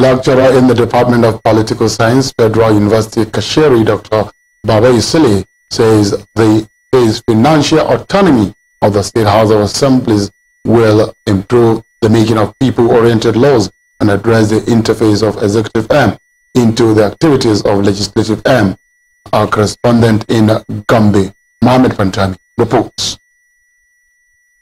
lecturer in the Department of Political Science, Federal University Kashiri, Dr. Baba Isili, says the says financial autonomy of the State House of Assemblies will improve the making of people-oriented laws and address the interface of executive M into the activities of legislative M. Our correspondent in Gombe, Mohamed Pantami, reports.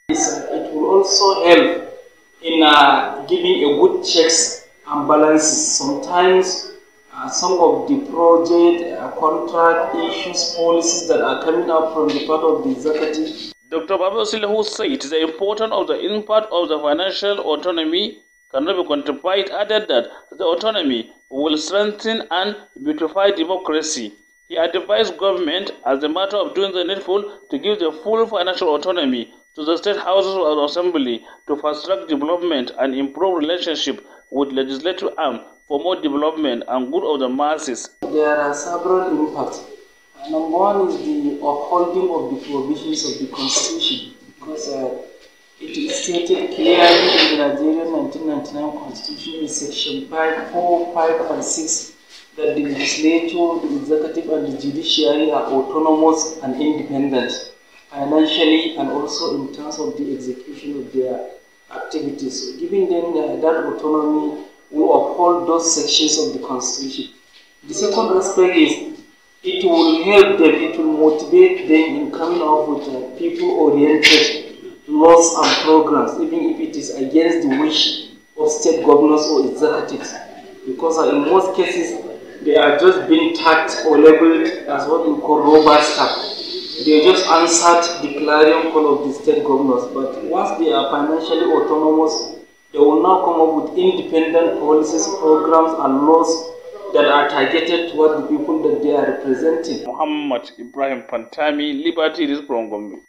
It will also help in uh, giving a good checks imbalances. Sometimes uh, some of the project, uh, contract issues, policies that are coming up from the part of the executive. Dr. Babu Silahu said the importance of the impact of the financial autonomy cannot be quantified, added that the autonomy will strengthen and beautify democracy. He advised government as a matter of doing the needful to give the full financial autonomy to the state houses or assembly to fast-track development and improve relationship with legislative arm for more development and good of the masses. There are several impacts. Number one is the upholding of the provisions of the constitution because uh, it is stated clearly in the Nigerian 1999 constitution in section 5, 4, 5 and 6 that the legislature, the executive and the judiciary are autonomous and independent financially and also in terms of the execution of their activities. Giving them uh, that autonomy will uphold those sections of the constitution. The second aspect is it will help them, it will motivate them in coming up with uh, people-oriented laws and programs, even if it is against the wish of state governors or executives. Because uh, in most cases, they are just being tagged or labeled as what we call robot staff They just answered the clarion call of the state governors. But once they are financially autonomous, they will now come up with independent policies, programs, and laws that are targeted toward the people that they are representing. Muhammad Ibrahim Pantami, Liberty is from Gombe.